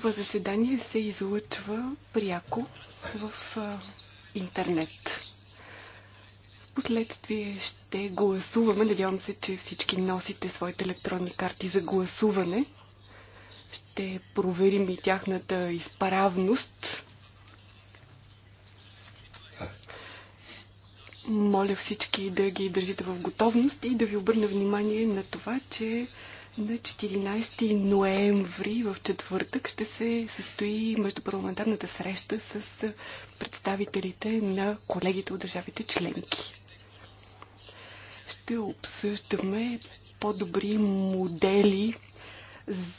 Това заседание се излъчва пряко в интернет. Впоследствие ще гласуваме. Надявам се, че всички носите своите електронни карти за гласуване. Ще проверим и тяхната изправност. Моля всички да ги държите в готовност и да ви обърна внимание на това, че на 14 ноември в четвъртък ще се състои междупарламентарната среща с представителите на колегите от държавите членки. Ще обсъждаме по-добри модели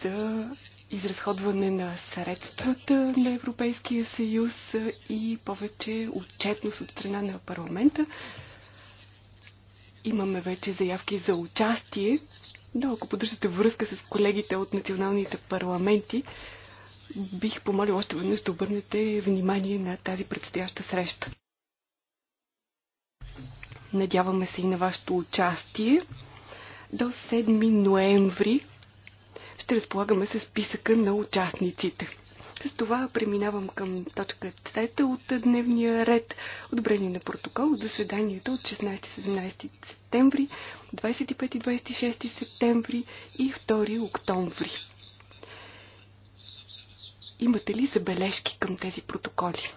за изразходване на средствата на Европейския съюз и повече отчетност от страна на парламента. Имаме вече заявки за участие но ако поддържате връзка с колегите от националните парламенти, бих помолил още веднъж да обърнете внимание на тази предстояща среща. Надяваме се и на вашето участие. До 7 ноември ще разполагаме с списъка на участниците. С това преминавам към точка 3 от дневния ред. Одобрение на протокол от заседанието от 16-17 септември, 25-26 септември и 2 октомври. Имате ли забележки към тези протоколи?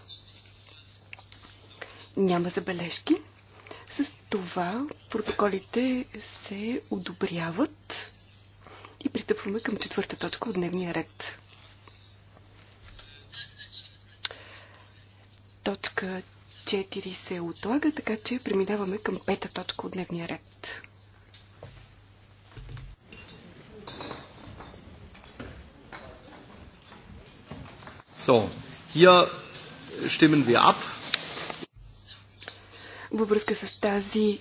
Няма забележки. С това протоколите се одобряват и пристъпваме към четвърта точка от дневния ред. Точка 4 се отлага, така че преминаваме към пета точка от дневния ред. So, hier stimmen wir ab. Във връзка с тази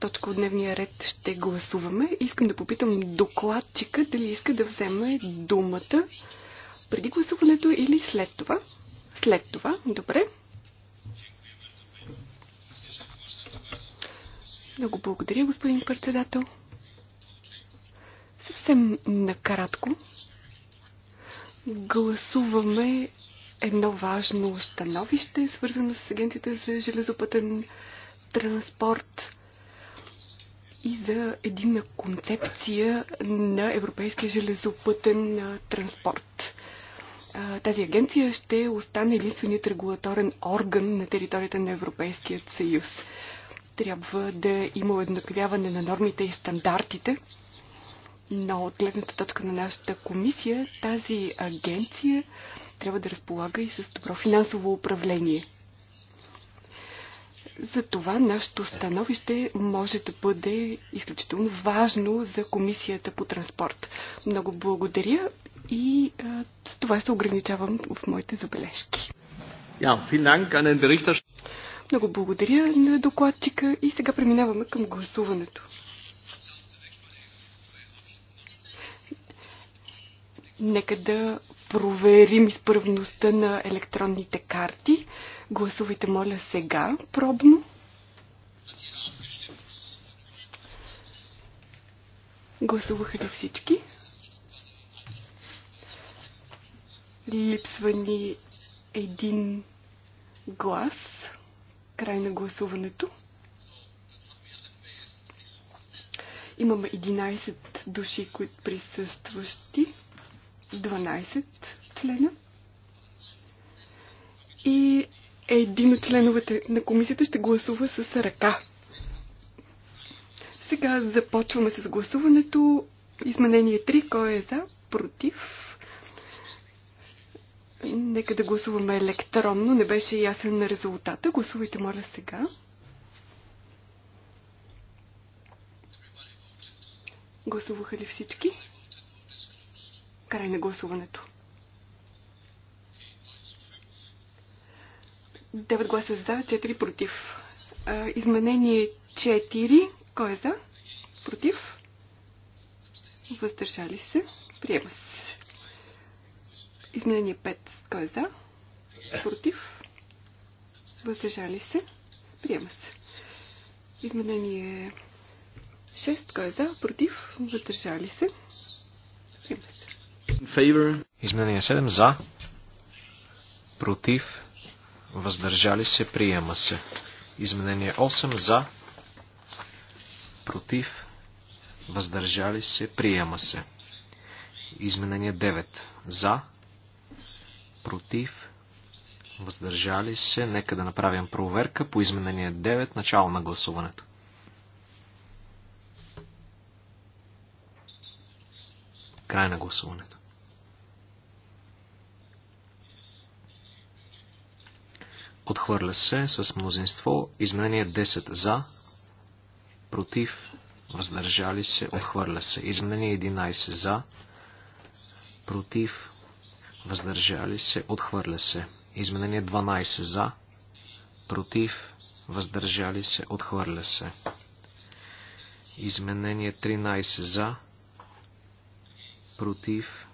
точка от дневния ред ще гласуваме. Искам да попитам докладчика дали иска да вземе думата преди гласуването или след това. След това, добре. Много благодаря, господин председател. Съвсем накратко гласуваме едно важно становище, свързано с Агенцията за железопътен транспорт и за единна концепция на европейския железопътен транспорт тази агенция ще остане единственият регулаторен орган на територията на Европейският съюз. Трябва да има уеднаквяване на нормите и стандартите, но от гледната точка на нашата комисия тази агенция трябва да разполага и с добро финансово управление – за това нашето становище може да бъде изключително важно за Комисията по транспорт. Много благодаря и с това се ограничавам в моите забележки. Много благодаря на докладчика и сега преминаваме към гласуването. Нека да проверим изправността на електронните карти. Гласувайте, моля, сега, пробно. Гласуваха ли всички? Липсва ни един глас. Край на гласуването. Имаме 11 души, които присъстващи, 12 члена. И един от членовете на комисията ще гласува с ръка. Сега започваме с гласуването. Изменение 3. Кой е за? Против? Нека да гласуваме електронно. Не беше ясен на резултата. Гласувайте, моля, сега. Гласуваха ли всички? Край на гласуването. 9 гласа за, 4 против. Изменение 4. Кой е за? Против? Въздържали се. Приема се. Изменение 5. Кой е за? Против? Въздържали се. Приема се. Изменение 6. Кой е за? Против? Въздържали се. Приема се. Изменение 7. За. Против? въздържали се, приема се. Изменение 8 за, против, въздържали се, приема се. Изменение 9 за, против, въздържали се. Нека да направим проверка по изменение 9, начало на гласуването. Край на гласуването. Отхвърля се с мнозинство. Изменение 10 за. Против. Въздържали се. Отхвърля се. Изменение 11 за. Против. Въздържали се. Отхвърля се. Изменение 12 за. Против. Въздържали се. Отхвърля се. Изменение 13 за. Против.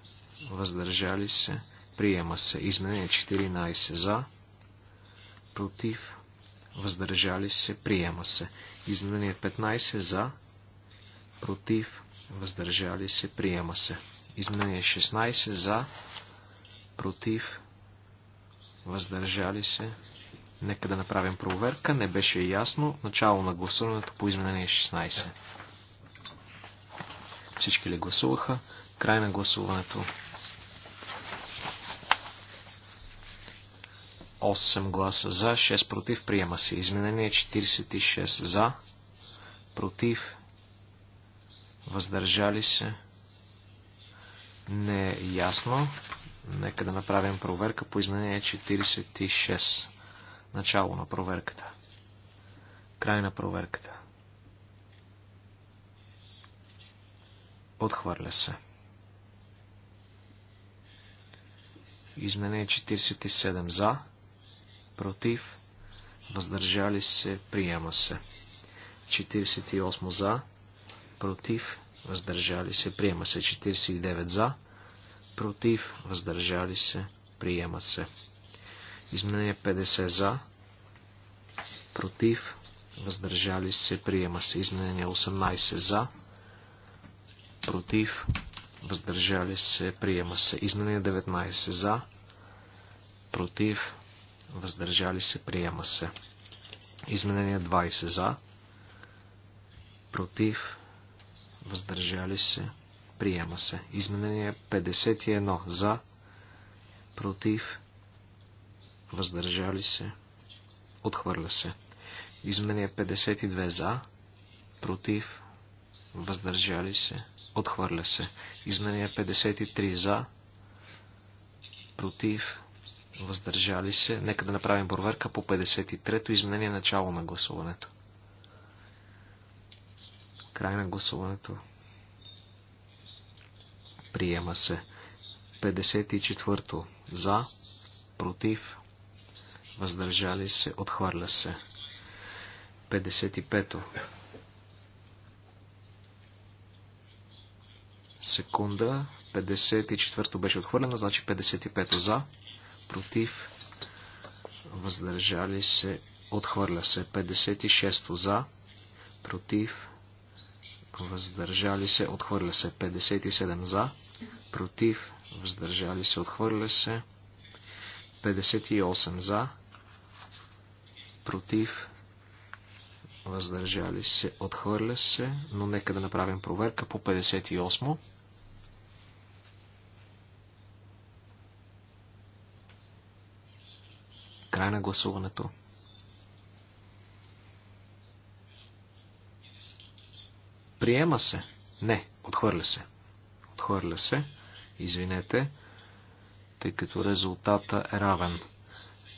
Въздържали се. Приема се. Изменение 14 за против, въздържали се, приема се. Изменение 15 за, против, въздържали се, приема се. Изменение 16 за, против, въздържали се. Нека да направим проверка. Не беше ясно. Начало на гласуването по изменение 16. Всички ли гласуваха? Край на гласуването. 8 гласа за, 6 против, приема се. Изменение 46 за, против, въздържали се. Не е ясно. Нека да направим проверка по изменение 46. Начало на проверката. Край на проверката. Отхвърля се. Изменение 47 за, против, въздържали се, приема се. 48 за, против, въздържали се, приема се. 49 за, против, въздържали се, приема се. Изменение 50 за, против, въздържали се, приема се. Изменение 18 за, против, въздържали се, приема се. Изменение 19 за, против, въздържали се, приема се. Изменение 20 за, против, въздържали се, приема се. Изменение 51 за, против, въздържали се, отхвърля се. Изменение 52 за, против, въздържали се, отхвърля се. Изменение 53 за, против, въздържали се. Нека да направим проверка по 53-то изменение начало на гласуването. Край на гласуването. Приема се. 54-то. За. Против. Въздържали се. Отхвърля се. 55-то. Секунда. 54-то беше отхвърлено, значи 55-то за против, въздържали се, отхвърля се. 56 за, против, въздържали се, отхвърля се. 57 за, против, въздържали се, отхвърля се. 58 за, против, въздържали се, отхвърля се, но нека да направим проверка по 58. Край на гласуването. Приема се. Не, отхвърля се. Отхвърля се. Извинете, тъй като резултата е равен.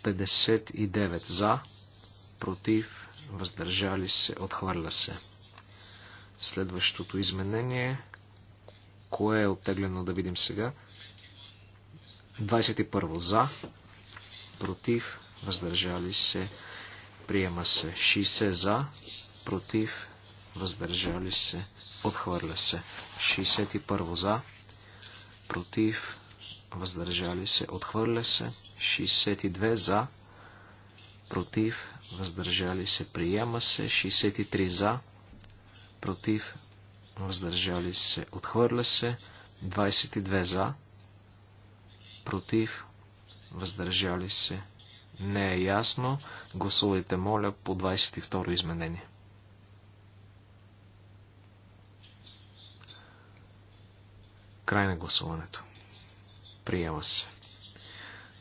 59 за, против, въздържали се, отхвърля се. Следващото изменение, кое е оттеглено да видим сега? 21 за, против, въздържали се, приема се. 60 за, против, въздържали се, отхвърля се. 61 за, против, въздържали се, отхвърля се. 62 за, против, въздържали се, приема се. 63 за, против, въздържали се, отхвърля се. 22 за, против, въздържали се, не е ясно, гласувайте, моля, по 22 изменение. Край на гласуването. Приема се.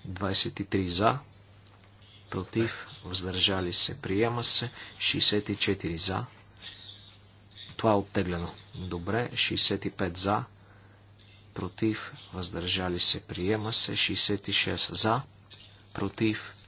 23 за, против, въздържали се, приема се, 64 за. Това е оттеглено. Добре, 65 за, против, въздържали се, приема се, 66 за, против,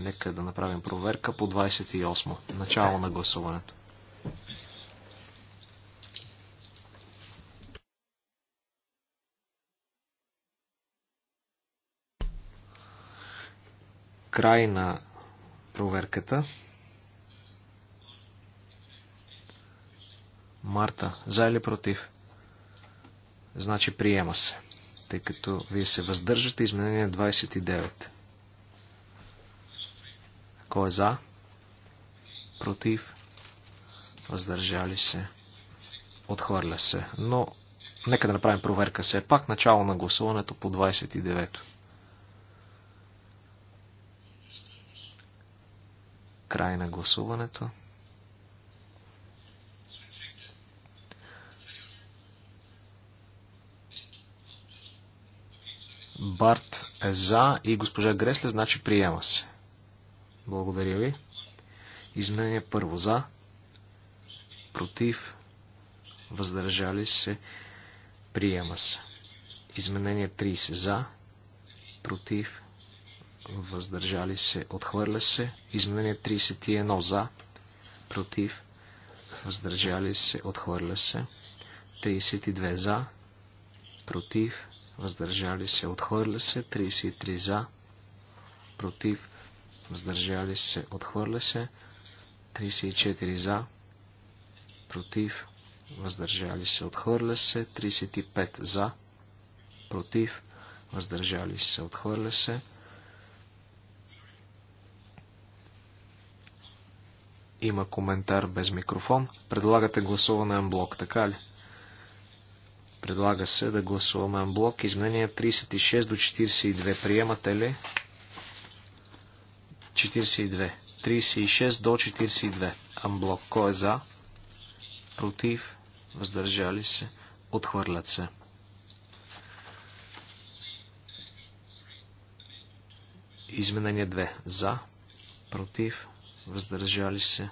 Нека да направим проверка по 28. Начало на гласуването. Край на проверката. Марта, за или против? Значи приема се, тъй като вие се въздържате изменение 29. Кой е за? Против? Въздържали се? Отхвърля се. Но нека да направим проверка все пак. Начало на гласуването по 29-то. Край на гласуването. Барт е за и госпожа Гресле, значи приема се. Благодаря ви. Изменение първо за, против, въздържали се, приема се. Изменение 30 за, против, въздържали се, отхвърля се. Изменение 31 за, против, въздържали се, отхвърля се. 32 за, против, въздържали се, отхвърля се. 33 за, против, въздържали се, отхвърля се. 34 за, против, въздържали се, отхвърля се. 35 за, против, въздържали се, отхвърля се. Има коментар без микрофон. Предлагате гласуване на блок, така ли? Предлага се да гласуваме блок. Изменения 36 до 42. Приемате ли? 42. 36 до 42. Амблок. Кой е за? Против. Въздържали се. Отхвърлят се. Изменение 2. За. Против. Въздържали се.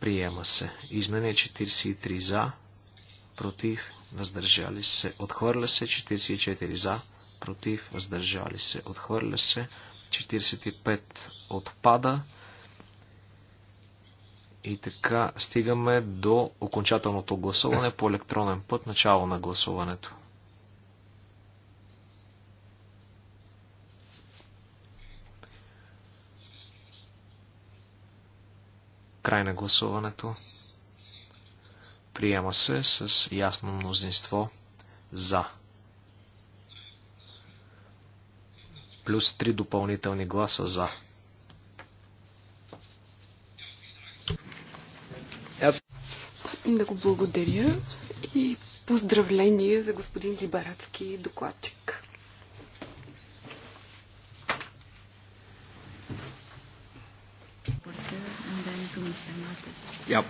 Приема се. Изменение 43. За. Против. Въздържали се. Отхвърля се. 44. За. Против. Въздържали се. Отхвърля се. 45 отпада. И така стигаме до окончателното гласуване по електронен път, начало на гласуването. Край на гласуването. Приема се с ясно мнозинство за. плюс 3 допълнителни гласа за. Да го благодаря и поздравление за господин Либаратски докладчик. Yep.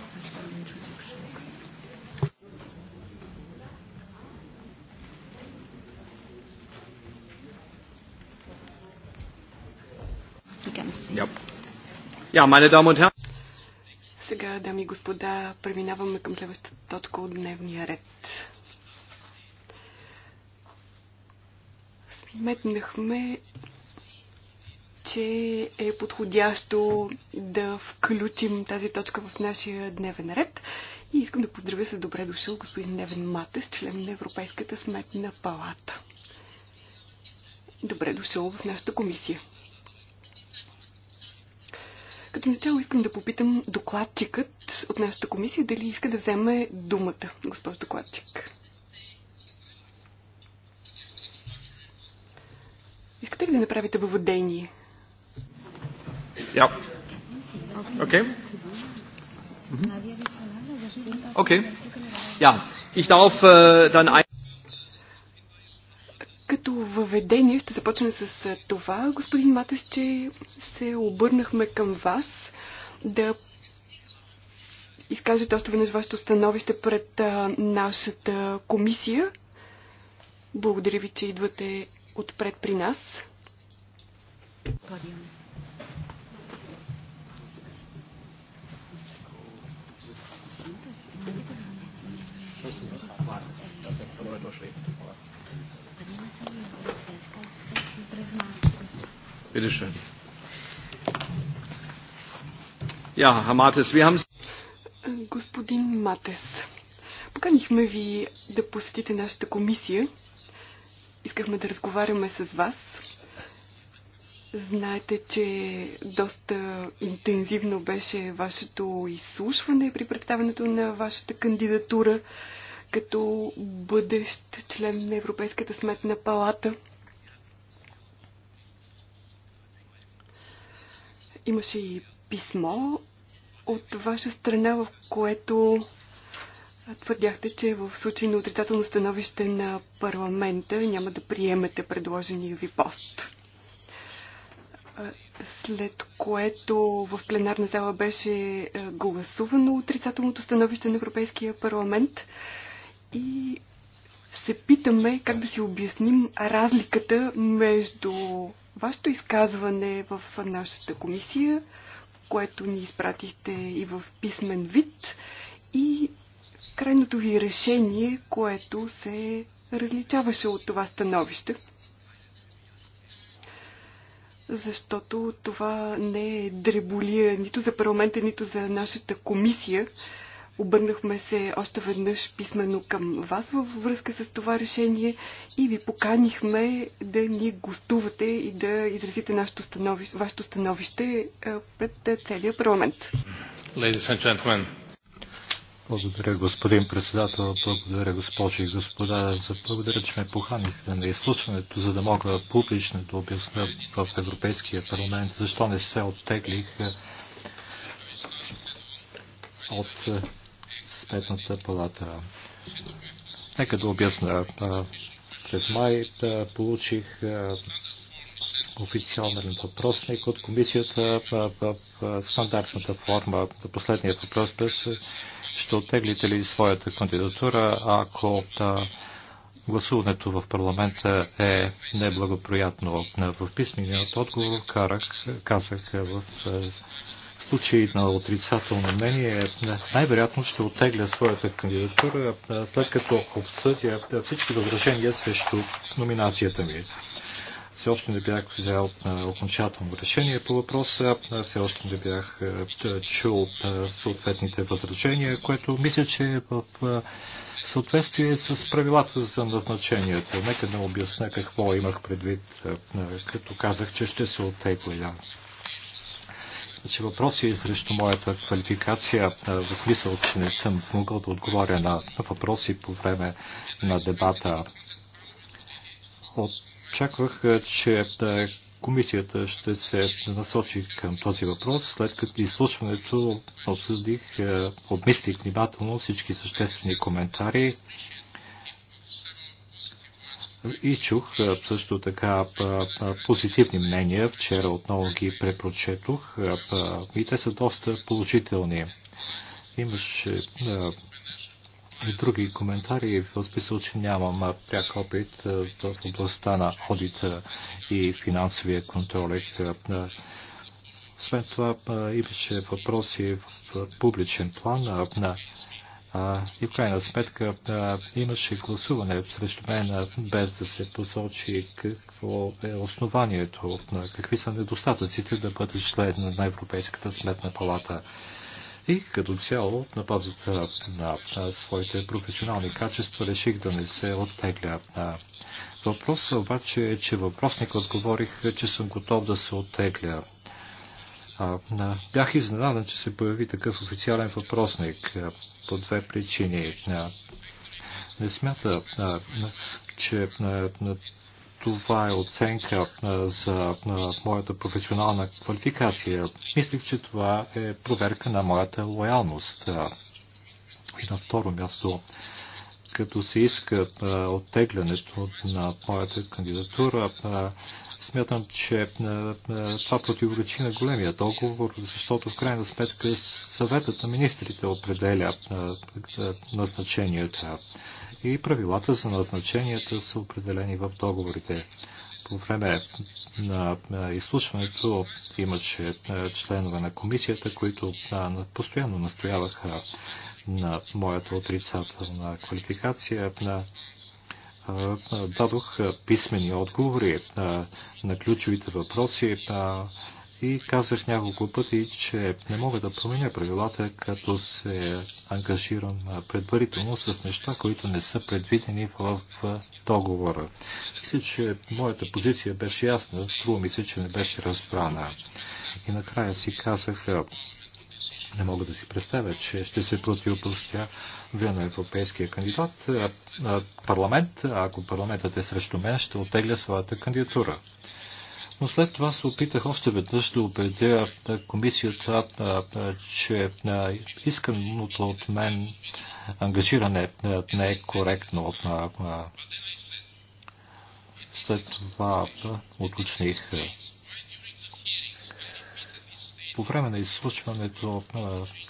Ja, meine Damen und Herren. Сега, дами и господа, преминаваме към следващата точка от дневния ред. Сметнахме, че е подходящо да включим тази точка в нашия дневен ред. И искам да поздравя с добре дошъл господин Невен Матес, член на Европейската сметна палата. Добре дошъл в нашата комисия като начало искам да попитам докладчикът от нашата комисия дали иска да вземе думата, госпожо докладчик. Искате ли да направите въведение? Yeah. Okay. Okay. Ja, ich darf äh, dann ein поведение. Ще започна с това, господин Матес, че се обърнахме към вас да изкажете още веднъж вашето становище пред нашата комисия. Благодаря ви, че идвате отпред при нас. Спасибо. Bitte schön. Ja, Herr Mates, wir haben Господин Матес, поканихме ви да посетите нашата комисия. Искахме да разговаряме с вас. Знаете, че доста интензивно беше вашето изслушване при представянето на вашата кандидатура като бъдещ член на Европейската сметна палата. Имаше и писмо от ваша страна, в което твърдяхте, че в случай на отрицателно становище на парламента няма да приемете предложения ви пост. След което в пленарна зала беше гласувано отрицателното становище на Европейския парламент и се питаме как да си обясним разликата между вашето изказване в нашата комисия, което ни изпратихте и в писмен вид, и крайното ви решение, което се различаваше от това становище. Защото това не е дреболия нито за парламента, нито за нашата комисия. Обърнахме се още веднъж писменно към вас във връзка с това решение и ви поканихме да ни гостувате и да изразите нашето становище, вашето становище е, пред целия парламент. Благодаря, господин председател. Благодаря, госпожи и господа. За благодаря, че ме поханихте на изслушването, за да мога публично да обясня в Европейския парламент защо не се оттеглих е, от е, Сметната палата. Нека да обясна. През май да получих официален въпросник от комисията в стандартната форма. Последният въпрос беше, ще оттеглите ли своята кандидатура, ако да, гласуването в парламента е неблагоприятно. В писмения отговор казах в случай на отрицателно мнение, е, най-вероятно ще отегля своята кандидатура, е, след като обсъдя е, всички възражения срещу номинацията ми. Все още не бях взял окончателно решение по въпроса, все още не бях чул съответните възражения, което мисля, че е в съответствие с правилата за назначението. Нека да обясня какво имах предвид, като казах, че ще се оттегля че значи въпроси срещу моята квалификация, в смисъл, че не съм могъл да отговоря на въпроси по време на дебата. Очаквах, че комисията ще се насочи към този въпрос, след като изслушването обсъдих, обмислих внимателно всички съществени коментари и чух също така позитивни мнения. Вчера отново ги препрочетох и те са доста положителни. Имаше и други коментари, в смисъл, че нямам пряк опит в областта на одита и финансовия контрол. Освен това имаше въпроси в публичен план на и в крайна сметка имаше гласуване срещу мен, без да се посочи какво е основанието, какви са недостатъците да бъде член на Европейската сметна палата. И като цяло, на базата на своите професионални качества, реших да не се оттегля. Въпросът обаче е, че въпросник отговорих, че съм готов да се оттегля а, бях изненадан, че се появи такъв официален въпросник а, по две причини. А, не смята, а, че а, това е оценка а, за а, моята професионална квалификация. Мислих, че това е проверка на моята лоялност. А, и на второ място, като се иска а, оттеглянето на моята кандидатура, а, Смятам, че е, е, това противоречи на големия договор, защото в крайна сметка съветът на министрите определя е, назначенията и правилата за назначенията са определени в договорите. По време на изслушването имаше членове на комисията, които постоянно настояваха на моята отрицателна квалификация дадох писмени отговори на ключовите въпроси и казах няколко пъти, че не мога да променя правилата, като се ангажирам предварително с неща, които не са предвидени в договора. Мисля, че моята позиция беше ясна, струва ми се, че не беше разбрана. И накрая си казах, не мога да си представя, че ще се противопоставя на европейския кандидат. Парламент, ако парламентът е срещу мен, ще отегля своята кандидатура. Но след това се опитах още веднъж да убедя комисията, че исканото от мен ангажиране не е коректно. След това уточних по време на изслушването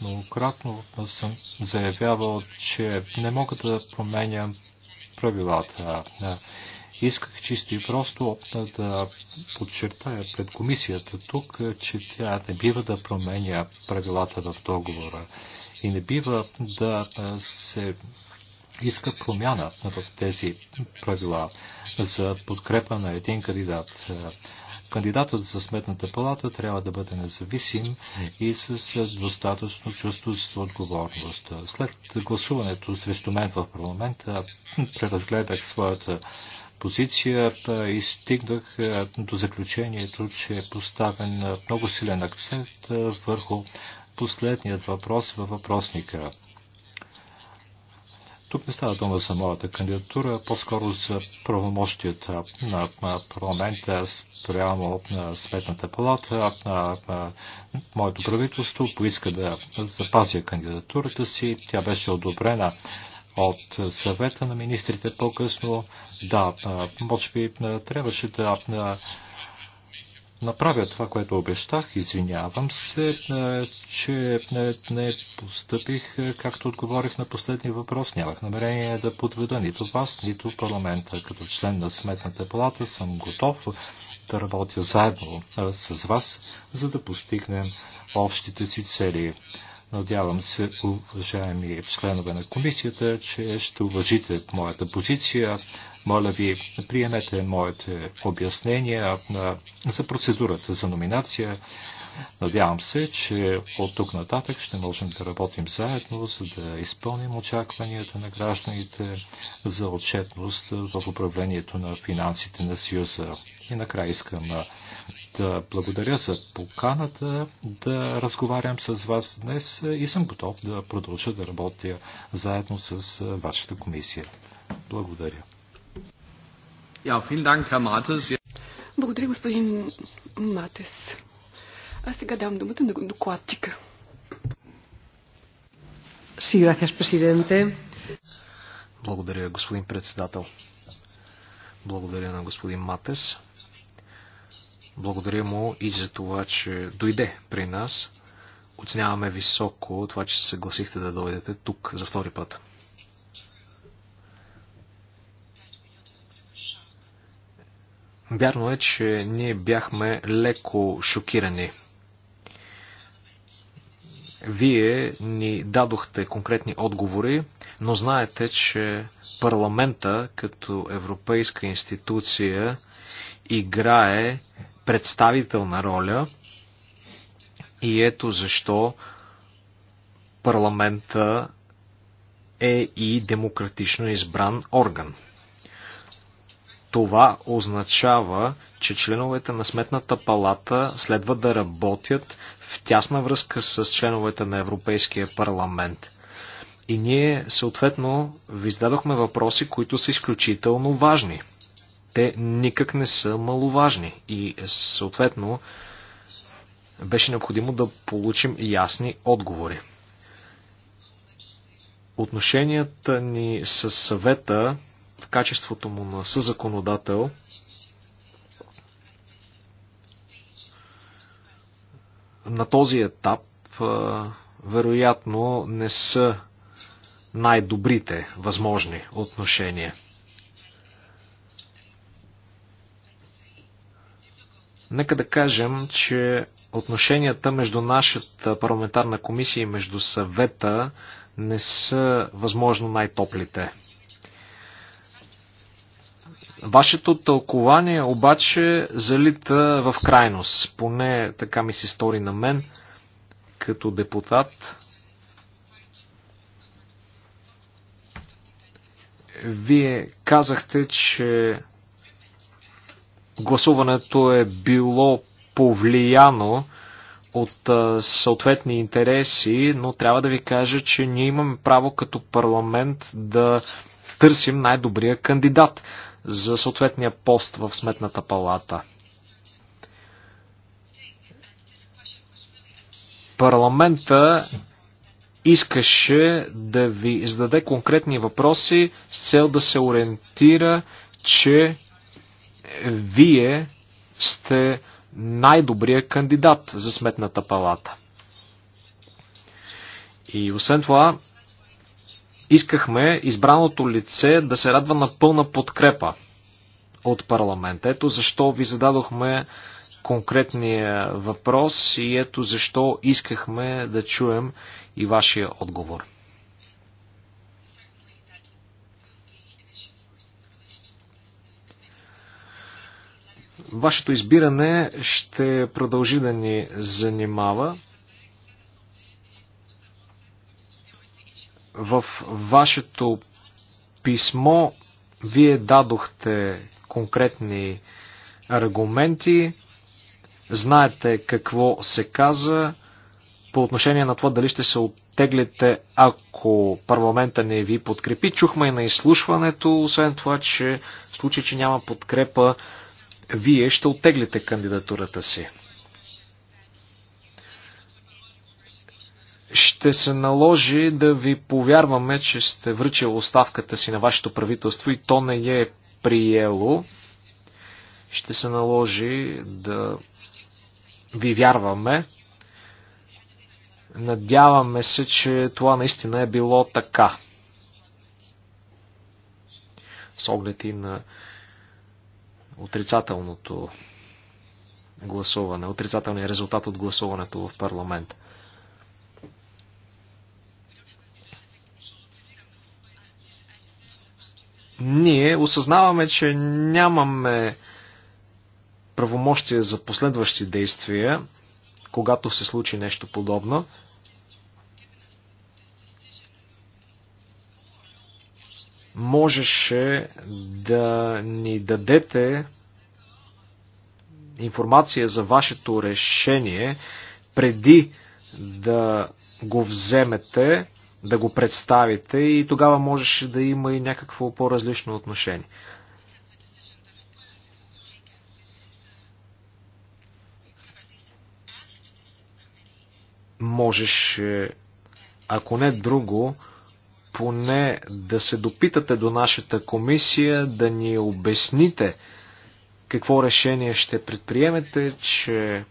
многократно съм заявявал, че не мога да променям правилата. Исках чисто и просто да подчертая пред комисията тук, че тя не бива да променя правилата в договора и не бива да се иска промяна в тези правила за подкрепа на един кандидат. Кандидатът за сметната палата трябва да бъде независим и с достатъчно чувство за отговорност. След гласуването срещу мен в парламента преразгледах своята позиция и стигнах до заключението, че е поставен много силен акцент върху последният въпрос във въпросника. Тук не става дума за моята кандидатура, по-скоро за правомощията на парламента прямо на Сметната палата. На моето правителство поиска да запазя кандидатурата си. Тя беше одобрена от съвета на министрите по-късно. Да, може би трябваше да направя това, което обещах. Извинявам се, е, че е, не, не поступих, е, както отговорих на последния въпрос. Нямах намерение да подведа нито вас, нито парламента. Като член на Сметната палата съм готов да работя заедно с вас, за да постигнем общите си цели. Надявам се, уважаеми членове на комисията, че ще уважите моята позиция моля ви, приемете моите обяснения за процедурата за номинация. Надявам се, че от тук нататък ще можем да работим заедно, за да изпълним очакванията на гражданите за отчетност в управлението на финансите на Съюза. И накрая искам да благодаря за поканата да разговарям с вас днес и съм готов да продължа да работя заедно с вашата комисия. Благодаря. Благодаря, господин Матес. Аз сега дам думата на докладчика. Благодаря, господин председател. Благодаря на господин Матес. Благодаря му и за това, че дойде при нас. Оценяваме високо това, че се съгласихте да дойдете тук за втори път. Вярно е, че ние бяхме леко шокирани. Вие ни дадохте конкретни отговори, но знаете, че парламента като европейска институция играе представителна роля и ето защо парламента е и демократично избран орган. Това означава, че членовете на Сметната палата следва да работят в тясна връзка с членовете на Европейския парламент. И ние съответно ви зададохме въпроси, които са изключително важни. Те никак не са маловажни и съответно беше необходимо да получим ясни отговори. Отношенията ни с съвета качеството му на съзаконодател, на този етап вероятно не са най-добрите възможни отношения. Нека да кажем, че отношенията между нашата парламентарна комисия и между съвета не са възможно най-топлите. Вашето тълкование обаче залита в крайност, поне така ми се стори на мен, като депутат. Вие казахте, че гласуването е било повлияно от съответни интереси, но трябва да ви кажа, че ние имаме право като парламент да търсим най-добрия кандидат за съответния пост в Сметната палата. Парламента искаше да ви зададе конкретни въпроси с цел да се ориентира, че вие сте най-добрия кандидат за сметната палата. И освен това, Искахме избраното лице да се радва на пълна подкрепа от парламента. Ето защо ви зададохме конкретния въпрос и ето защо искахме да чуем и вашия отговор. Вашето избиране ще продължи да ни занимава. В вашето писмо вие дадохте конкретни аргументи, знаете какво се каза по отношение на това дали ще се оттеглите, ако парламента не ви подкрепи. Чухме и на изслушването, освен това, че в случай, че няма подкрепа, вие ще оттеглите кандидатурата си. ще се наложи да ви повярваме, че сте връчил оставката си на вашето правителство и то не я е приело. Ще се наложи да ви вярваме. Надяваме се, че това наистина е било така. С оглед и на отрицателното гласуване, отрицателният резултат от гласуването в парламента. Ние осъзнаваме, че нямаме правомощие за последващи действия, когато се случи нещо подобно. Можеше да ни дадете информация за вашето решение преди да го вземете да го представите и тогава можеше да има и някакво по-различно отношение. Можеше, ако не друго, поне да се допитате до нашата комисия, да ни обясните какво решение ще предприемете, че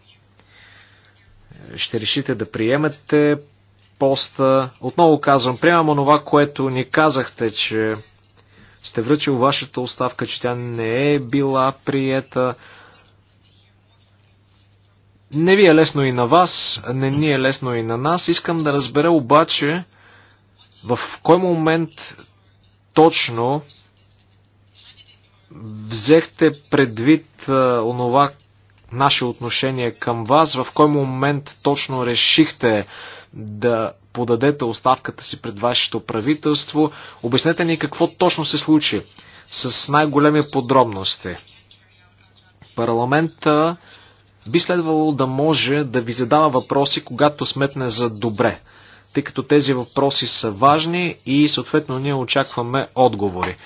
ще решите да приемете поста. Отново казвам, приемам онова, което ни казахте, че сте връчил вашата оставка, че тя не е била приета. Не ви е лесно и на вас, не ни е лесно и на нас. Искам да разбера обаче в кой момент точно взехте предвид а, онова наше отношение към вас, в кой момент точно решихте да подадете оставката си пред вашето правителство. Обяснете ни какво точно се случи с най-големи подробности. Парламента би следвало да може да ви задава въпроси, когато сметне за добре, тъй като тези въпроси са важни и съответно ние очакваме отговори.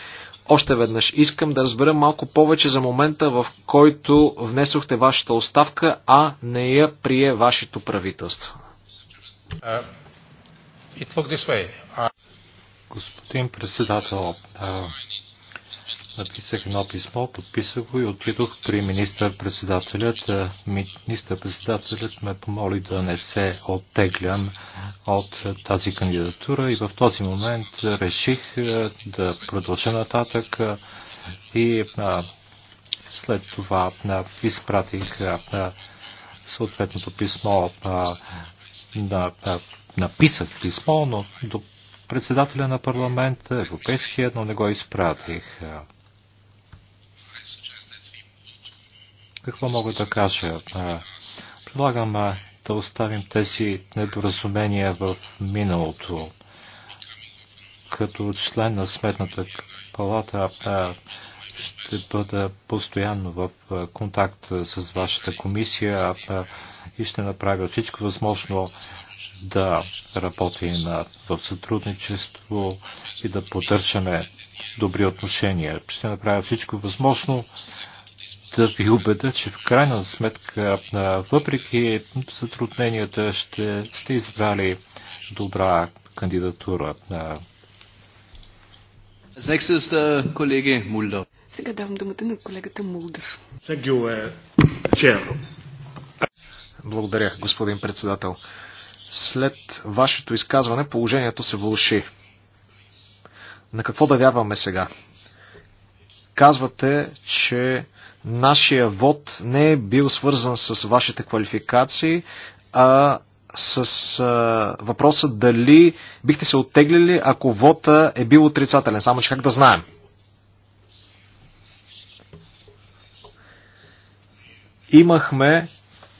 Още веднъж искам да разбера малко повече за момента, в който внесохте вашата оставка, а не я прие вашето правителство. Uh, uh, Господин председател, написах едно писмо, подписах го и отидох при министър-председателят. Министър-председателят ме помоли да не се оттеглям от тази кандидатура и в този момент реших да продължа нататък и след това изпратих съответното писмо да, да, написах писмо, но до председателя на парламента, европейския, но не го изпратих. Какво мога да кажа? Предлагам да оставим тези недоразумения в миналото. Като член на Сметната палата ще бъда постоянно в контакт с вашата комисия и ще направя всичко възможно да работим в сътрудничество и да поддържаме добри отношения. Ще направя всичко възможно да ви убеда, че в крайна сметка, въпреки затрудненията, ще сте избрали добра кандидатура. Сексиста колеги Мулдо. Сега давам думата на колегата Мулдър. Uh, Благодаря, господин председател. След вашето изказване положението се влуши. На какво да вярваме сега? Казвате, че нашия вод не е бил свързан с вашите квалификации, а с а, въпроса дали бихте се оттеглили, ако вота е бил отрицателен. Само, че как да знаем? имахме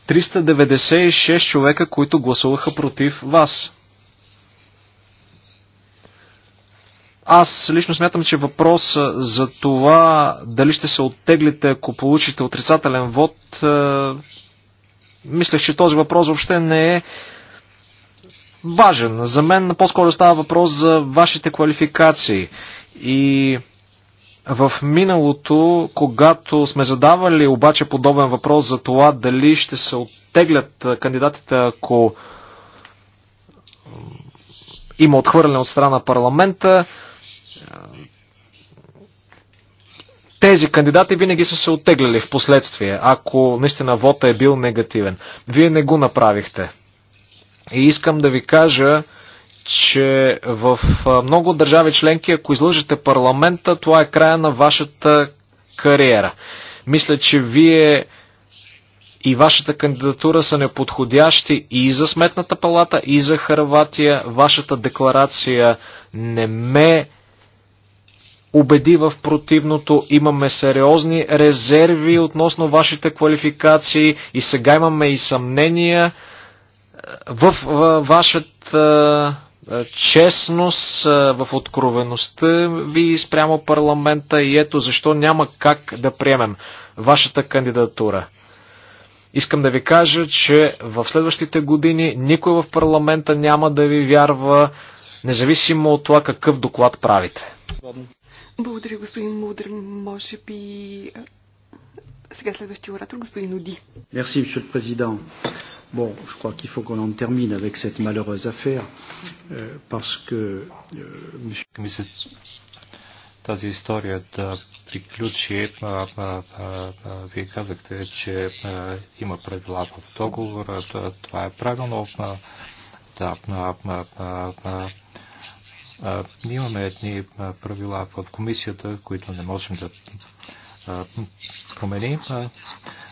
396 човека, които гласуваха против вас. Аз лично смятам, че въпрос за това дали ще се оттеглите, ако получите отрицателен вод, е, мислех, че този въпрос въобще не е важен. За мен по-скоро става въпрос за вашите квалификации. И в миналото, когато сме задавали обаче подобен въпрос за това дали ще се оттеглят кандидатите, ако има отхвърляне от страна на парламента, тези кандидати винаги са се оттегляли в последствие, ако наистина вота е бил негативен. Вие не го направихте. И искам да ви кажа, че в много държави членки, ако излъжете парламента, това е края на вашата кариера. Мисля, че вие и вашата кандидатура са неподходящи и за Сметната палата, и за Харватия. Вашата декларация не ме убеди в противното. Имаме сериозни резерви относно вашите квалификации и сега имаме и съмнения в, в, в вашата е, честност е, в откровеността ви спрямо парламента и ето защо няма как да приемем вашата кандидатура. Искам да ви кажа, че в следващите години никой в парламента няма да ви вярва, независимо от това какъв доклад правите. Благодаря, господин Мудър. Може би сега следващия оратор, господин Оди. Мерси, президент. Bon, je crois qu'il faut qu'on en termine avec cette malheureuse affaire, euh, parce que... Euh, monsieur... Тази история да приключи, вие казахте, че има правила в договора, това е правилно. да, имаме едни правила в комисията, които не можем да промени.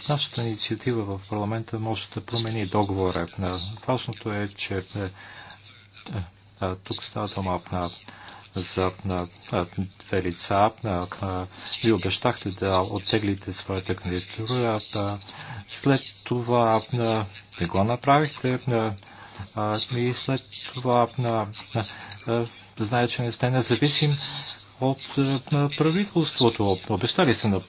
Нашата инициатива в парламента може да промени договора. Важното е, че тук става дума за две лица. Ви обещахте да оттеглите своята кандидатура. След това не го направихте. И след това зная, че не сте независим от е, правителството. Обещали сте на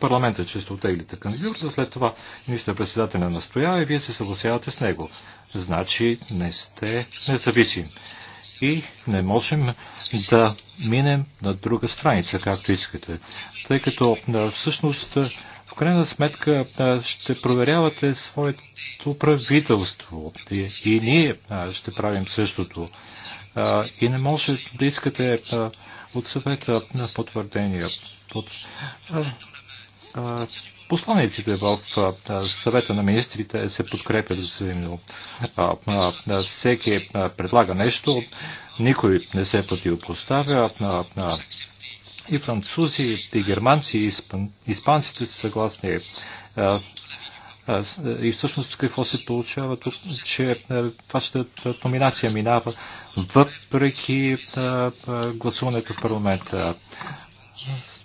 парламента, че ще отеглите кандидатурата, след това министър председателя настоява и вие се съгласявате с него. Значи не сте независим. И не можем да минем на друга страница, както искате. Тъй като е, всъщност е, в крайна сметка ще проверявате своето правителство и, и ние ще правим същото. И не може да искате от съвета на потвърдения от Посланиците в съвета на министрите се подкрепят взаимно. Всеки предлага нещо, никой не се противопоставя. И французи, и германци, и испанците са съгласни. Е, и всъщност какво се получава тук, че е, вашата номинация минава въпреки е, гласуването в парламента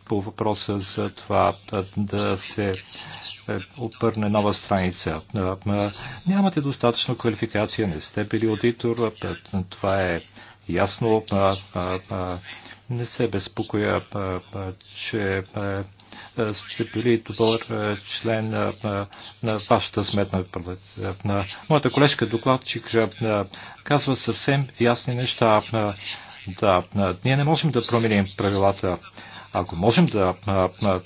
по въпроса за това да се обърне нова страница. Нямате достатъчно квалификация, не сте били аудитор, това е ясно. Не се безпокоя, че е, сте били добър е, член е, на вашата сметна палата. Моята колежка докладчик казва съвсем ясни неща. Да, ние не можем да променим правилата. Ако можем да,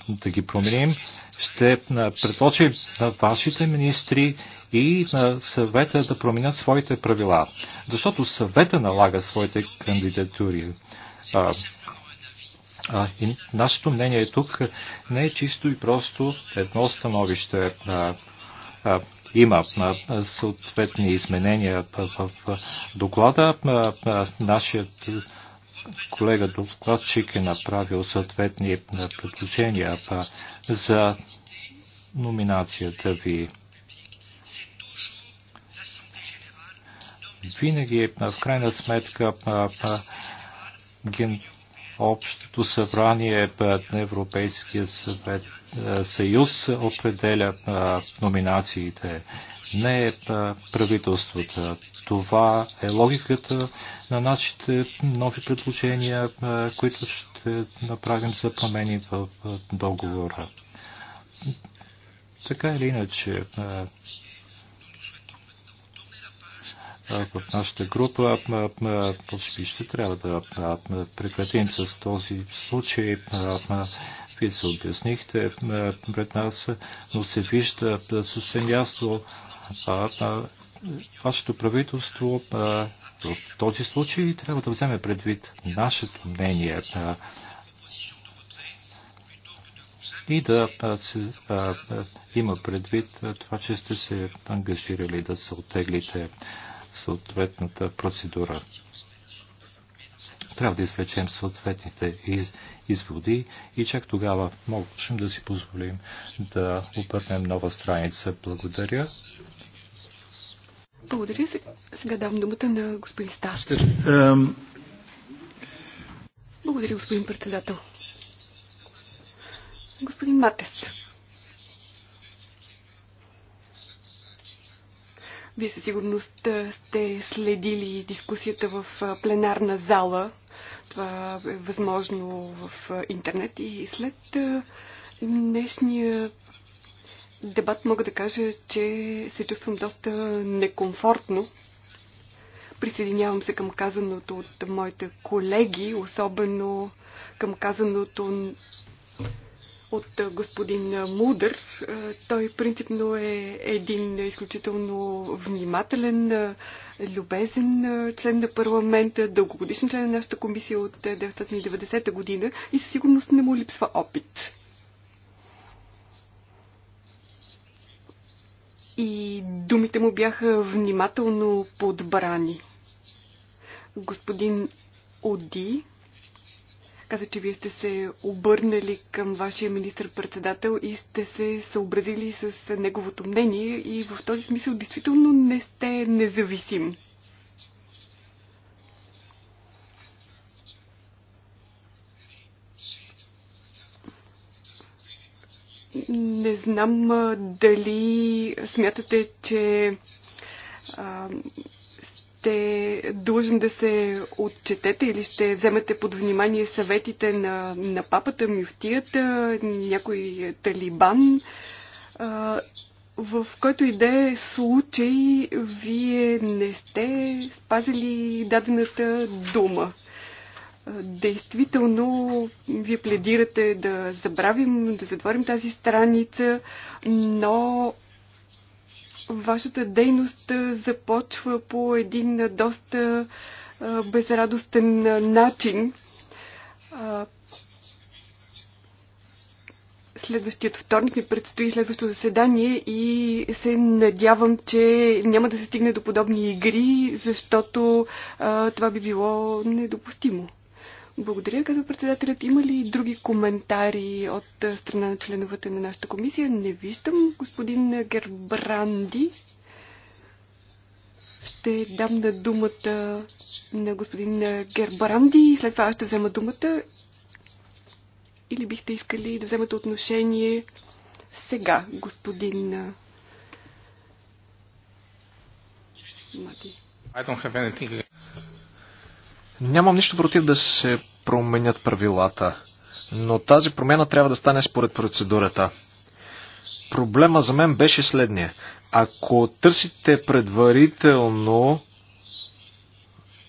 да ги променим, ще предложим на вашите министри и на съвета да променят своите правила. Защото съвета налага своите кандидатури. А, и нашето мнение тук не е чисто и просто едно становище. А, а, има а, съответни изменения в, в, доклада. А, а, нашият колега докладчик е направил съответни предложения а, за номинацията ви. Винаги в крайна сметка а, а, ген Общото събрание е, е, на Европейския съвет, е, съюз определя номинациите, не е Това е логиката на нашите нови предложения, които ще направим за промени в договора. Така или иначе, от нашата група, би ще трябва да прекратим с този случай. Вие се обяснихте пред нас, но се вижда съвсем ясно вашето правителство в този случай трябва да вземе предвид нашето мнение и да се, има предвид това, че сте се ангажирали да се отеглите съответната процедура. Трябва да извлечем съответните из, изводи и чак тогава можем да си позволим да обърнем нова страница. Благодаря. Благодаря. Сега давам думата на господин Стас. Благодаря, господин председател. Господин Матес. Вие със сигурност сте следили дискусията в пленарна зала. Това е възможно в интернет. И след днешния дебат мога да кажа, че се чувствам доста некомфортно. Присъединявам се към казаното от моите колеги, особено към казаното от господин Мудър. Той принципно е един изключително внимателен, любезен член на парламента, дългогодишен член на нашата комисия от 1990 година и със сигурност не му липсва опит. И думите му бяха внимателно подбрани. Господин Оди каза, че вие сте се обърнали към вашия министр-председател и сте се съобразили с неговото мнение и в този смисъл действително не сте независим. Не знам дали смятате, че сте длъжни да се отчетете или ще вземете под внимание съветите на, на папата, мюфтията, някой талибан. В който и да е случай, вие не сте спазили дадената дума. Действително, вие пледирате да забравим, да затворим тази страница, но вашата дейност започва по един доста безрадостен начин. Следващият вторник ми предстои следващо заседание и се надявам, че няма да се стигне до подобни игри, защото а, това би било недопустимо. Благодаря, казва председателят. Има ли други коментари от страна на членовете на нашата комисия? Не виждам. Господин Гербранди, ще дам на думата на господин Гербранди и след това аз ще взема думата. Или бихте искали да вземете отношение сега, господин Мади? I don't have anything Нямам нищо против да се променят правилата, но тази промяна трябва да стане според процедурата. Проблема за мен беше следния. Ако търсите предварително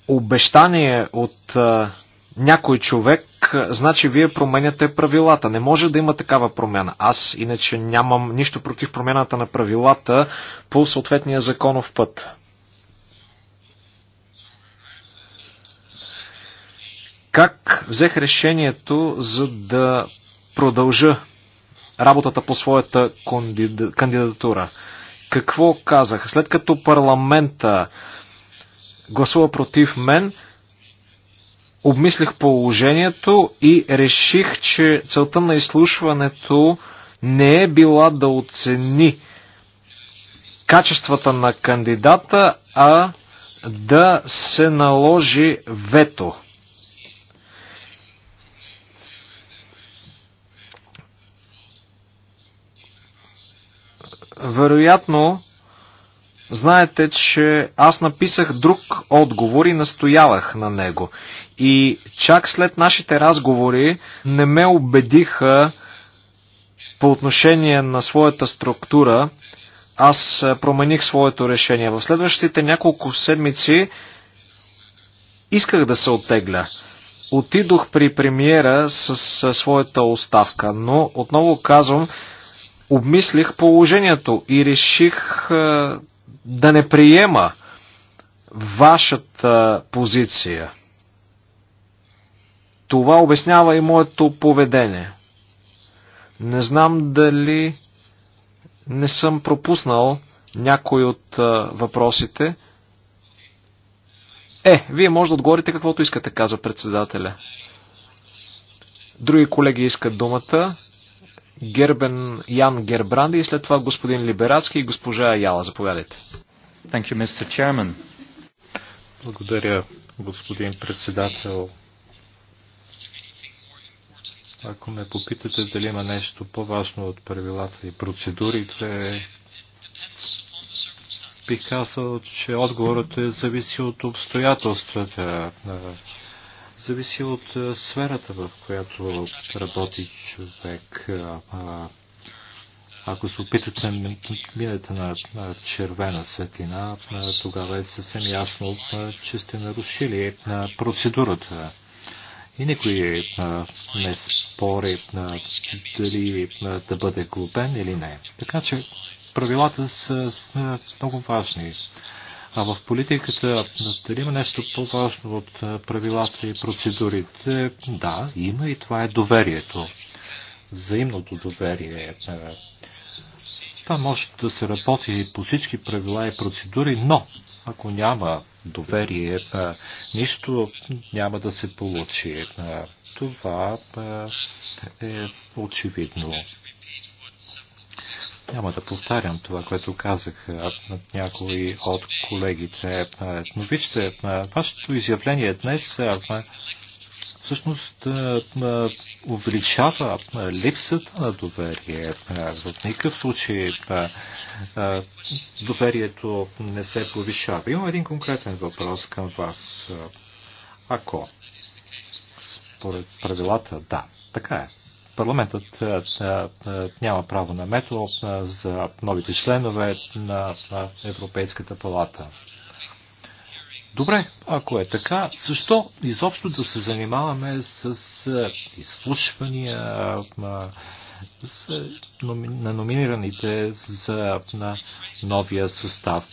обещание от а, някой човек, значи вие променяте правилата. Не може да има такава промяна. Аз иначе нямам нищо против промяната на правилата по съответния законов път. Как взех решението за да продължа работата по своята кандидатура? Какво казах? След като парламента гласува против мен, обмислих положението и реших, че целта на изслушването не е била да оцени качествата на кандидата, а да се наложи вето Вероятно, знаете, че аз написах друг отговор и настоявах на него. И чак след нашите разговори не ме убедиха по отношение на своята структура. Аз е, промених своето решение. В следващите няколко седмици исках да се оттегля. Отидох при премиера с е, своята оставка, но отново казвам, обмислих положението и реших е, да не приема вашата позиция. Това обяснява и моето поведение. Не знам дали не съм пропуснал някой от е, въпросите. Е, вие може да отговорите каквото искате, каза председателя. Други колеги искат думата. Гербен Ян Гербранди и след това господин Либерацки и госпожа Яла. Заповядайте. Thank you, Mr. Chairman. Благодаря, господин председател. Ако ме попитате дали има нещо по-важно от правилата и процедурите, бих казал, че отговорът е зависи от обстоятелствата зависи от е, сферата, в която работи човек. Ако се опитате минете на червена светлина, тогава е съвсем ясно, че сте нарушили процедурата. И никой не спори дали да бъде глупен или не. Така че правилата са много важни. А в политиката дали има нещо по-важно от правилата и процедурите? Да, има и това е доверието. Взаимното доверие. Е, Там може да се работи по всички правила и процедури, но ако няма доверие, нищо няма да се получи. Това е очевидно. Няма да повтарям това, което казах на някои от колегите. Но вижте, вашето изявление днес всъщност увеличава липсата на доверие. В никакъв случай доверието не се повишава. Има един конкретен въпрос към вас. Ако според правилата, да, така е. Парламентът е, е, е, няма право на мето за новите членове на Европейската палата. Добре, ако е така, защо изобщо да се занимаваме с изслушвания на номинираните за новия състав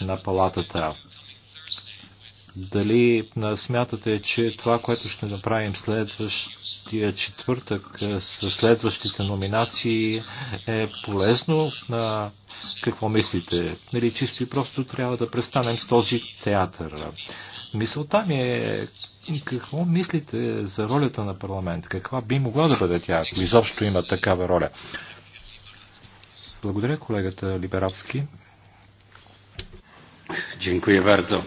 на палатата? Дали смятате, че това, което ще направим следващия четвъртък с следващите номинации е полезно? Какво мислите? Нали, чисто и просто трябва да престанем с този театър. Мисълта ми е какво мислите за ролята на парламент? Каква би могла да бъде тя, ако изобщо има такава роля? Благодаря колегата Либератски. Dziękuję bardzo.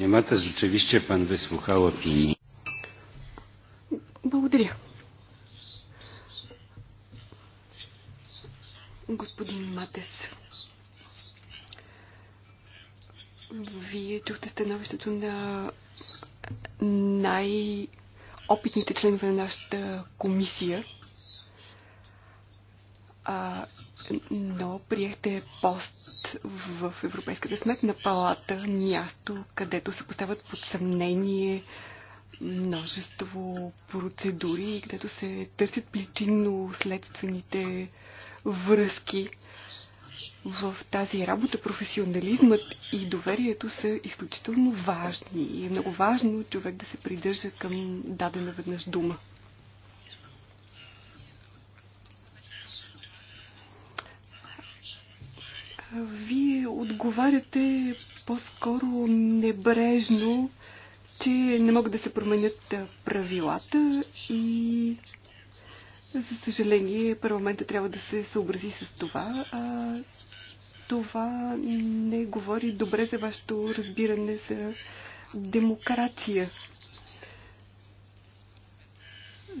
Ямата, rzeczywiście pan wysłuchał opinii. Благодаря. Господин Матес, вие чухте становището на най-опитните членове на нашата комисия. А, но приехте пост в Европейската сметна палата, място, където се поставят под съмнение множество процедури, където се търсят причинно-следствените връзки. В тази работа професионализмът и доверието са изключително важни и е много важно човек да се придържа към дадена веднъж дума. Вие отговаряте по-скоро небрежно, че не могат да се променят правилата и за съжаление парламента трябва да се съобрази с това. А това не говори добре за вашето разбиране за демокрация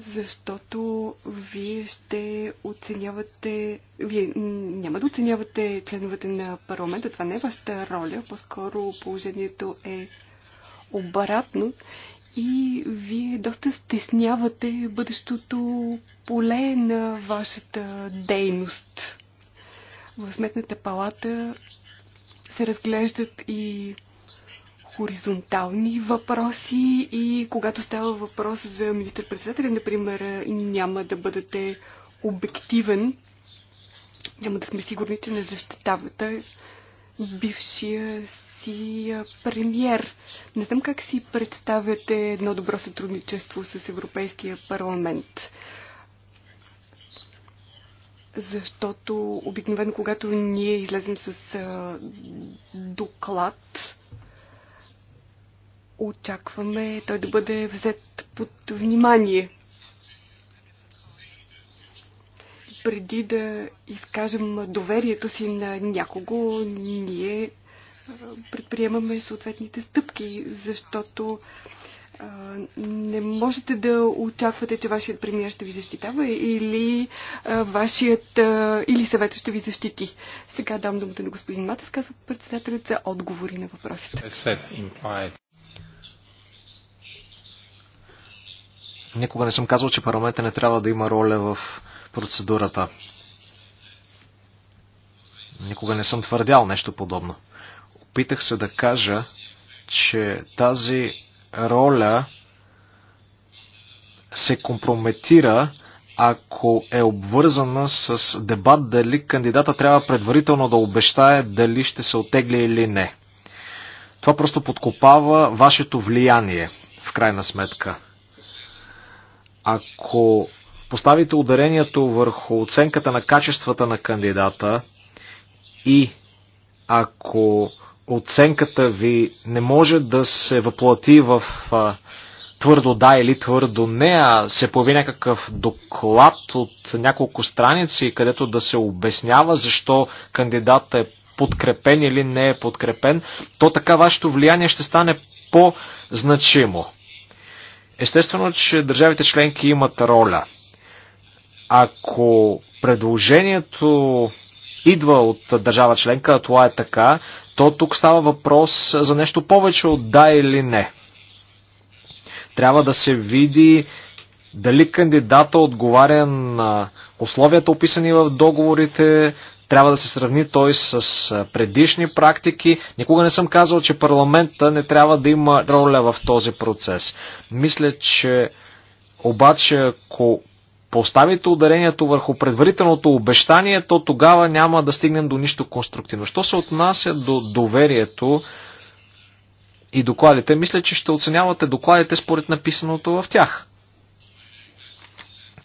защото вие ще оценявате, вие няма да оценявате членовете на парламента, това не е вашата роля, по-скоро положението е обратно и вие доста стеснявате бъдещото поле на вашата дейност. В сметната палата се разглеждат и хоризонтални въпроси и когато става въпрос за министър-председателя, например, няма да бъдете обективен, няма да сме сигурни, че не защитавате бившия си премьер. Не знам как си представяте едно добро сътрудничество с Европейския парламент. Защото обикновено, когато ние излезем с доклад, очакваме той да бъде взет под внимание. Преди да изкажем доверието си на някого, ние предприемаме съответните стъпки, защото не можете да очаквате, че вашият премиер ще ви защитава или вашият или съвет ще ви защити. Сега дам думата на господин Матес, казва председателят за отговори на въпросите. Никога не съм казал, че парламента не трябва да има роля в процедурата. Никога не съм твърдял нещо подобно. Опитах се да кажа, че тази роля се компрометира, ако е обвързана с дебат дали кандидата трябва предварително да обещае дали ще се отегли или не. Това просто подкопава вашето влияние, в крайна сметка. Ако поставите ударението върху оценката на качествата на кандидата и ако оценката ви не може да се въплати в а, твърдо да или твърдо не, а се появи някакъв доклад от няколко страници, където да се обяснява защо кандидата е подкрепен или не е подкрепен, то така вашето влияние ще стане по-значимо. Естествено, че държавите членки имат роля. Ако предложението идва от държава членка, а това е така, то тук става въпрос за нещо повече от да или не. Трябва да се види дали кандидата отговаря на условията описани в договорите, трябва да се сравни той с предишни практики. Никога не съм казал, че парламента не трябва да има роля в този процес. Мисля, че обаче ако поставите ударението върху предварителното обещание, то тогава няма да стигнем до нищо конструктивно. Що се отнася до доверието и докладите, мисля, че ще оценявате докладите според написаното в тях.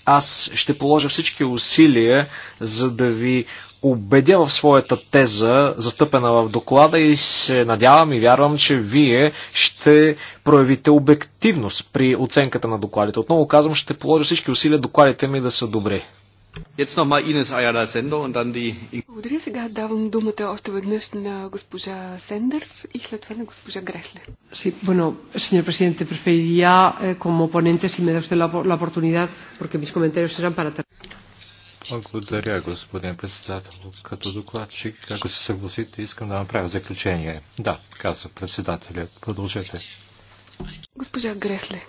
Аз ще положа всички усилия, за да ви убедя в своята теза, застъпена в доклада и се надявам и вярвам, че вие ще проявите обективност при оценката на докладите. Отново казвам, ще положа всички усилия докладите ми да са добри. Благодаря. Сега давам думата още веднъж на госпожа Сендер и след това на госпожа Гресле. Sí, bueno, señor presidente, preferiría eh, como ponente si me da usted la, la oportunidad, porque mis comentarios serán para... Благодаря, господин председател. Като докладчик, ако се съгласите, искам да направя заключение. Да, казва председателят. Продължете. Госпожа Гресле,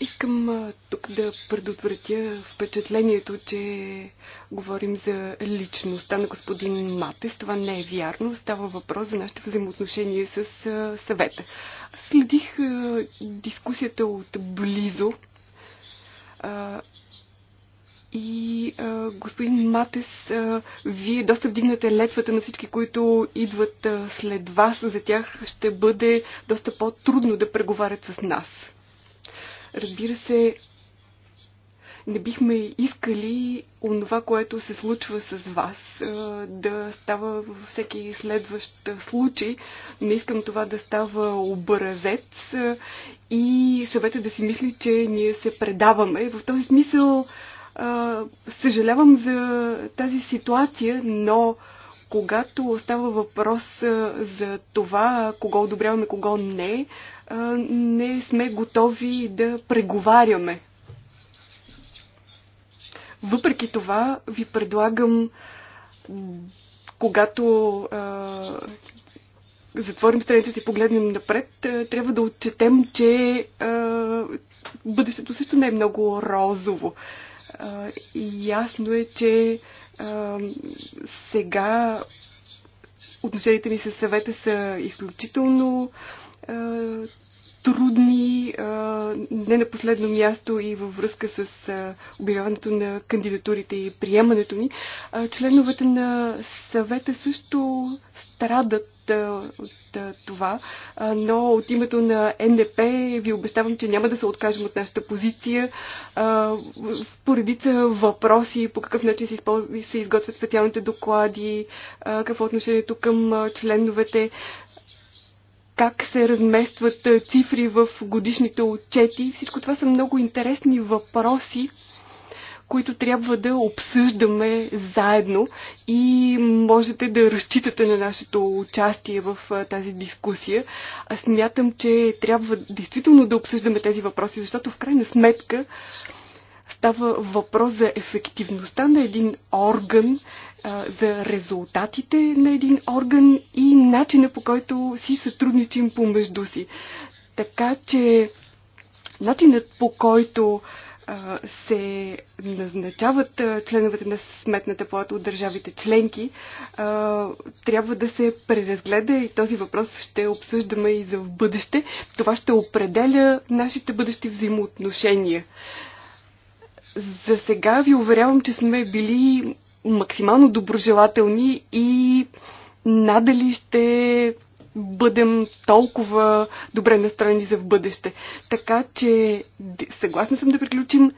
искам тук да предотвратя впечатлението, че говорим за личността на господин Матес. Това не е вярно. Става въпрос за нашите взаимоотношения с съвета. Следих дискусията от близо и а, господин Матес, а, вие доста вдигнате летвата на всички, които идват а, след вас. За тях ще бъде доста по-трудно да преговарят с нас. Разбира се, не бихме искали онова, което се случва с вас, да става във всеки следващ случай. Не искам това да става образец и съвета да си мисли, че ние се предаваме. В този смисъл съжалявам за тази ситуация, но когато става въпрос за това кого одобряваме, кого не, не сме готови да преговаряме. Въпреки това ви предлагам, когато е, затворим страницата и погледнем напред, трябва да отчетем, че е, бъдещето също не е много розово. Е, и ясно е, че сега отношенията ми с съвета са изключително трудни, не на последно място и във връзка с обявяването на кандидатурите и приемането ни. Членовете на съвета също страдат от това, но от името на НДП ви обещавам, че няма да се откажем от нашата позиция. В Поредица въпроси, по какъв начин се, се изготвят специалните доклади, какво е отношението към членовете как се разместват е, цифри в годишните отчети. Всичко това са много интересни въпроси, които трябва да обсъждаме заедно и можете да разчитате на нашето участие в е, тази дискусия. Аз смятам, че трябва действително да обсъждаме тези въпроси, защото в крайна сметка става въпрос за ефективността на един орган, за резултатите на един орган и начина по който си сътрудничим помежду си. Така че начинът по който се назначават членовете на сметната плата от държавите членки, трябва да се преразгледа и този въпрос ще обсъждаме и за в бъдеще. Това ще определя нашите бъдещи взаимоотношения. За сега ви уверявам, че сме били максимално доброжелателни и надали ще бъдем толкова добре настроени за в бъдеще. Така че съгласна съм да приключим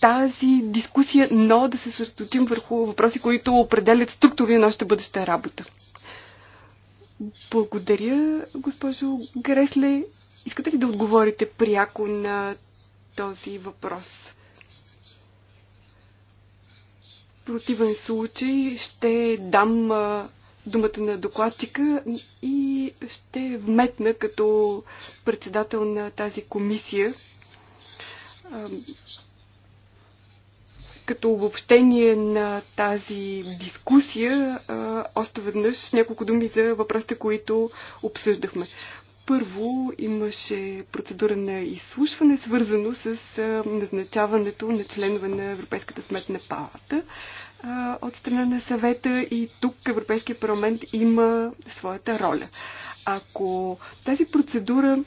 тази дискусия, но да се съсредоточим върху въпроси, които определят структури на нашата бъдеща работа. Благодаря, госпожо Гресле. Искате ли да отговорите пряко на този въпрос? противен случай ще дам думата на докладчика и ще вметна като председател на тази комисия като обобщение на тази дискусия, още веднъж няколко думи за въпросите, които обсъждахме. Първо имаше процедура на изслушване, свързано с назначаването на членове на Европейската сметна палата от страна на съвета и тук Европейския парламент има своята роля. Ако тази процедура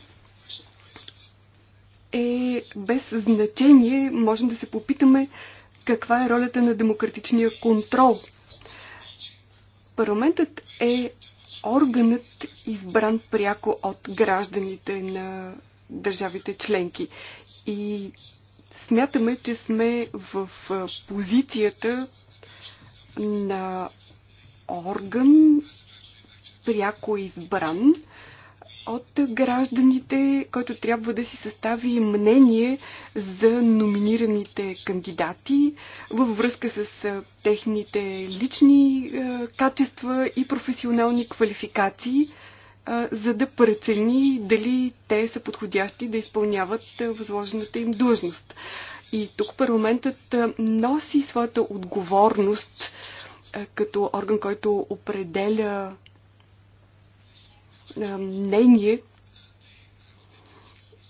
е без значение, можем да се попитаме каква е ролята на демократичния контрол. Парламентът е органът избран пряко от гражданите на държавите членки. И смятаме, че сме в позицията на орган пряко избран, от гражданите, който трябва да си състави мнение за номинираните кандидати във връзка с техните лични качества и професионални квалификации, за да прецени дали те са подходящи да изпълняват възложената им длъжност. И тук парламентът носи своята отговорност като орган, който определя мнение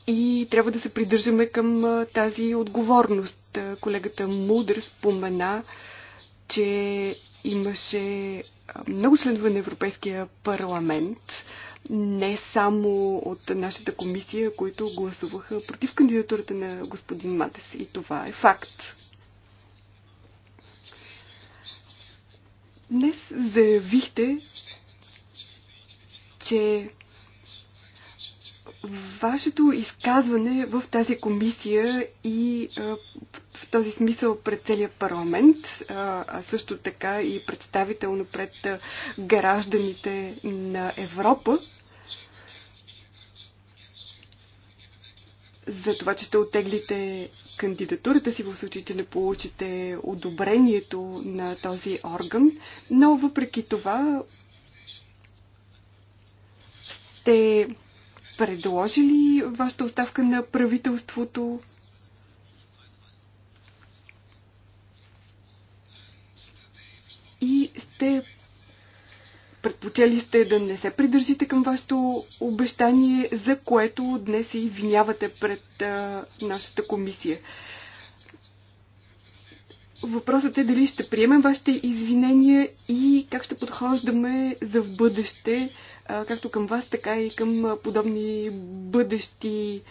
и трябва да се придържаме към тази отговорност. Колегата Мудър спомена, че имаше много членове на Европейския парламент, не само от нашата комисия, които гласуваха против кандидатурата на господин Матес. И това е факт. Днес заявихте, че вашето изказване в тази комисия и в този смисъл пред целия парламент, а също така и представително пред гражданите на Европа, за това, че ще отеглите кандидатурата си в случай, че не получите одобрението на този орган, но въпреки това ще предложи ли вашата оставка на правителството? И сте предпочели сте да не се придържите към вашето обещание, за което днес се извинявате пред а, нашата комисия. Въпросът е дали ще приемем вашите извинения и как ще подхождаме за в бъдеще, както към вас, така и към подобни бъдещи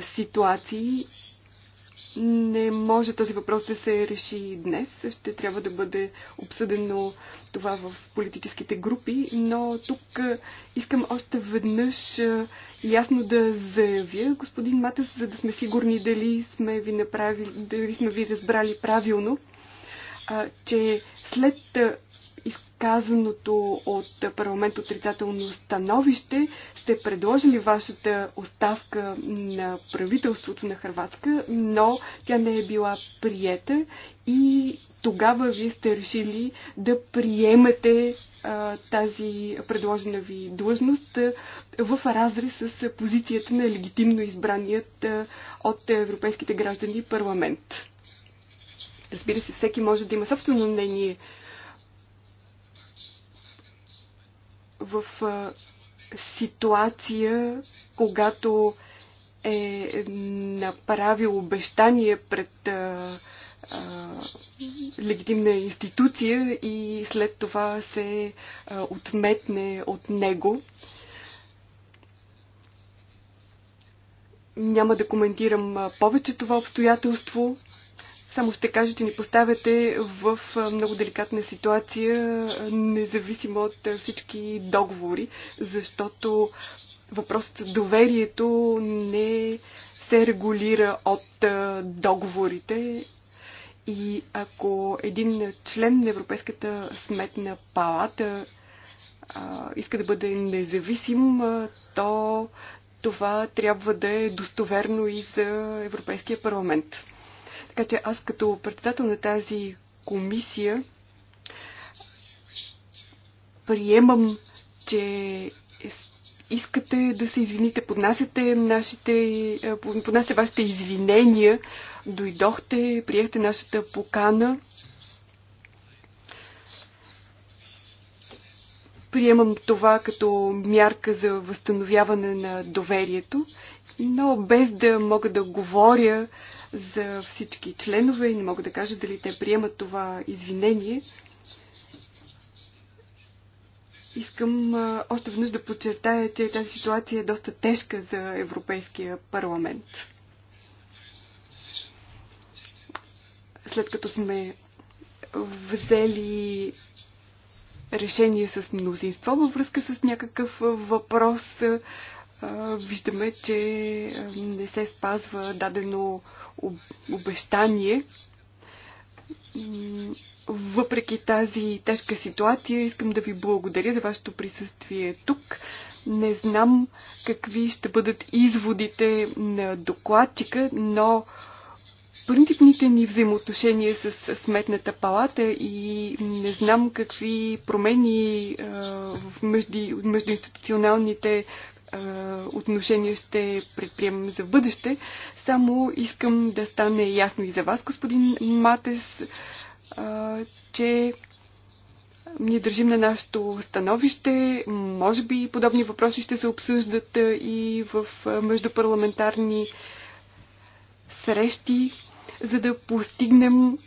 ситуации не може този въпрос да се реши днес. Ще трябва да бъде обсъдено това в политическите групи, но тук искам още веднъж ясно да заявя, господин Матес, за да сме сигурни дали сме ви, направили, дали сме ви разбрали правилно, че след казаното от парламент отрицателно становище, сте предложили вашата оставка на правителството на Харватска, но тя не е била приета и тогава вие сте решили да приемете а, тази предложена ви длъжност а, в разрез с позицията на легитимно избраният а, от европейските граждани парламент. Разбира се, всеки може да има собствено мнение в ситуация, когато е направил обещание пред а, а, легитимна институция и след това се а, отметне от него. Няма да коментирам повече това обстоятелство. Само ще кажа, че ни поставяте в много деликатна ситуация, независимо от всички договори, защото въпросът за доверието не се регулира от договорите. И ако един член на Европейската сметна палата иска да бъде независим, то това трябва да е достоверно и за Европейския парламент. Така че аз като председател на тази комисия приемам, че искате да се извините, поднасяте нашите, е, поднасяте вашите извинения, дойдохте, приехте нашата покана Приемам това като мярка за възстановяване на доверието, но без да мога да говоря за всички членове и не мога да кажа дали те приемат това извинение. Искам още веднъж да подчертая, че тази ситуация е доста тежка за Европейския парламент. След като сме взели решение с мнозинство във връзка с някакъв въпрос. Виждаме, че не се спазва дадено обещание. Въпреки тази тежка ситуация, искам да ви благодаря за вашето присъствие тук. Не знам какви ще бъдат изводите на докладчика, но принципните ни взаимоотношения с Сметната палата и не знам какви промени в между, междуинституционалните отношения ще предприемем за бъдеще. Само искам да стане ясно и за вас, господин Матес, че ние държим на нашето становище. Може би подобни въпроси ще се обсъждат и в междупарламентарни срещи за да постигнем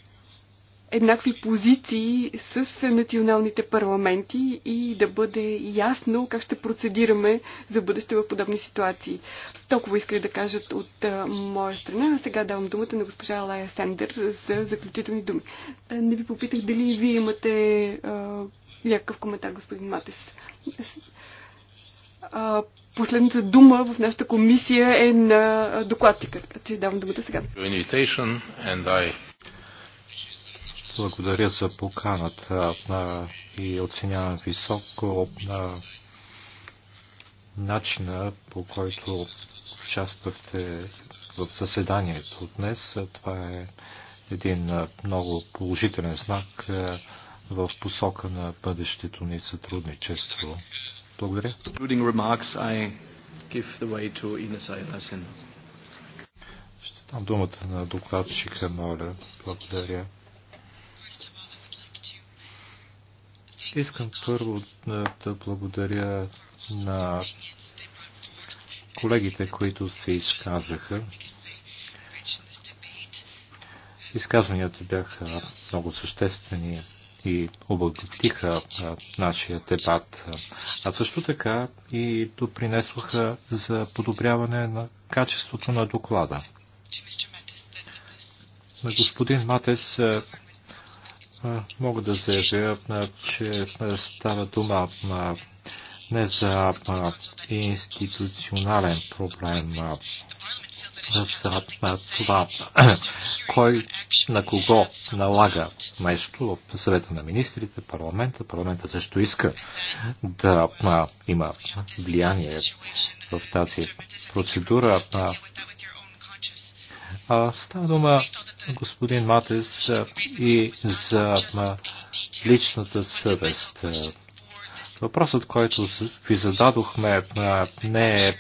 еднакви позиции с националните парламенти и да бъде ясно как ще процедираме за бъдеще в подобни ситуации. Толкова исках да кажат от моя страна. сега давам думата на госпожа Лая Сендер за заключителни думи. Не ви попитах дали вие имате някакъв коментар, господин Матес последната дума в нашата комисия е на докладчика, така че давам думата сега. Благодаря за поканата и оценявам високо на начина по който участвахте в заседанието днес. Това е един много положителен знак в посока на бъдещето ни сътрудничество. Благодаря. Ще дам думата на докладчика, моля. Благодаря. Искам първо да благодаря на колегите, които се изказаха. Изказванията бяха много съществени и обогатиха нашия дебат, а също така и допринесоха за подобряване на качеството на доклада. На господин Матес мога да заявя, че става дума не за институционален проблем за това кой на кого налага нещо в съвета на министрите, парламента. Парламента също иска да има влияние в тази процедура. Става дума господин Матес и за личната съвест. Въпросът, който ви зададохме, не е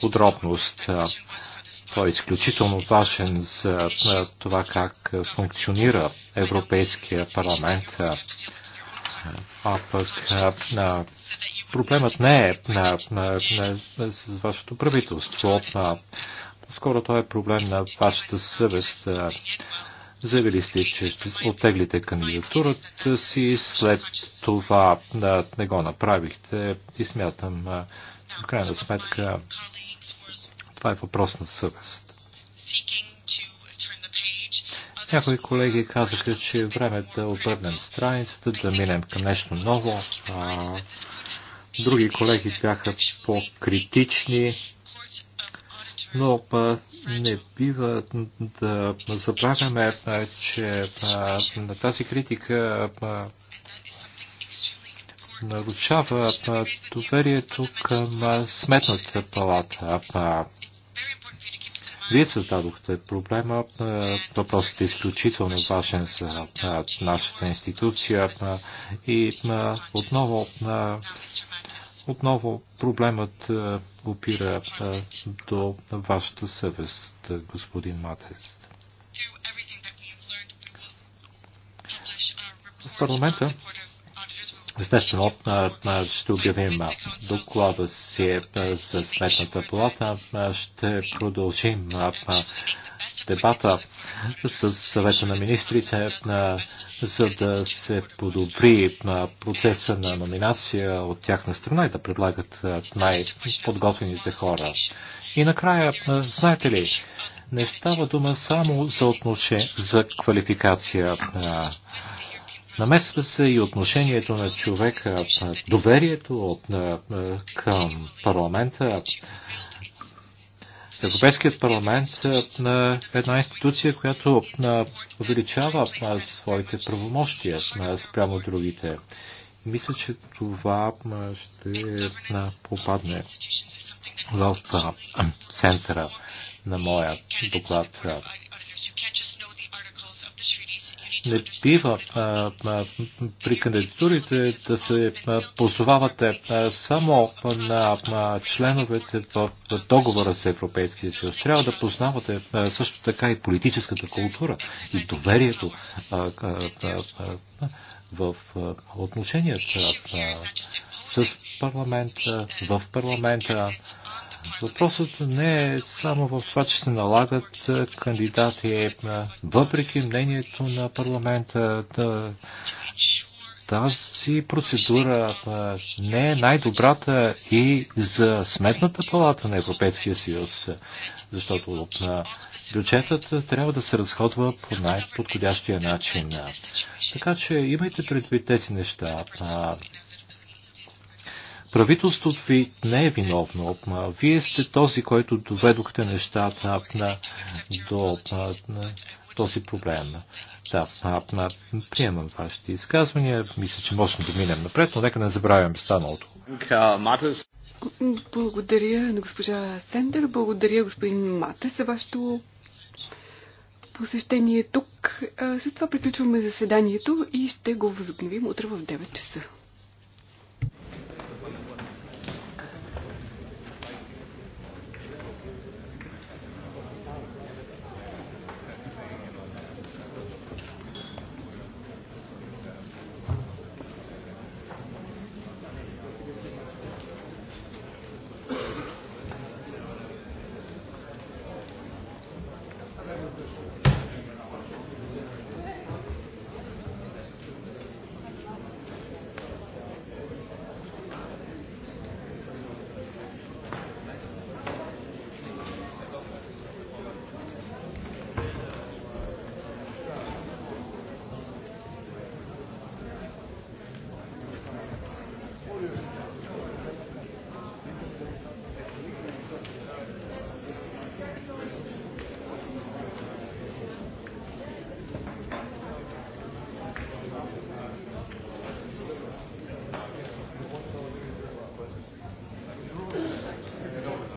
подробност. Той е изключително важен за е, това как е, функционира Европейския парламент. Е, а пък проблемът не е с вашето правителство. Скоро той е проблем на вашата съвест. Заявили сте, че ще оттеглите кандидатурата си, след това не го направихте и смятам, че в крайна сметка това е въпрос на съвест. Някои колеги казаха, че е време да обърнем страницата, да минем към нещо ново. А, други колеги бяха по-критични, но па, не бива да забравяме, че на тази критика а, нарушава доверието към сметната палата. Вие създадохте проблема. Е, въпросът е изключително важен за е, нашата институция е, и отново отново проблемът опира до вашата съвест, господин Матес. В парламента Естествено, ще обявим доклада си за сметната палата. Ще продължим дебата с съвета на министрите, за да се подобри процеса на номинация от тяхна страна и да предлагат най-подготвените хора. И накрая, знаете ли, не става дума само за отношение за квалификация. Намесва се и отношението на човека, доверието към парламента. Европейският парламент е една институция, която увеличава своите правомощия спрямо другите. Мисля, че това ще попадне в центъра на моя доклад. Не бива при кандидатурите да се позовавате само на членовете в договора с Европейския съюз. Трябва да познавате също така и политическата култура и доверието в отношенията с парламента, в парламента, Въпросът не е само в това, че се налагат кандидати, е, въпреки мнението на парламента. Да, тази процедура не е най-добрата и за сметната палата на Европейския съюз, защото бюджетът трябва да се разходва по най-подходящия начин. Така че имайте предвид тези неща. Правителството ви не е виновно. Вие сте този, който доведохте нещата на, до на, на, този проблем. Да, на, на, приемам вашите изказвания. Мисля, че можем да минем напред, но нека не забравяме станалото. Благодаря на госпожа Сендер, благодаря господин Мате за вашето посещение тук. С това приключваме заседанието и ще го възобновим утре в 9 часа.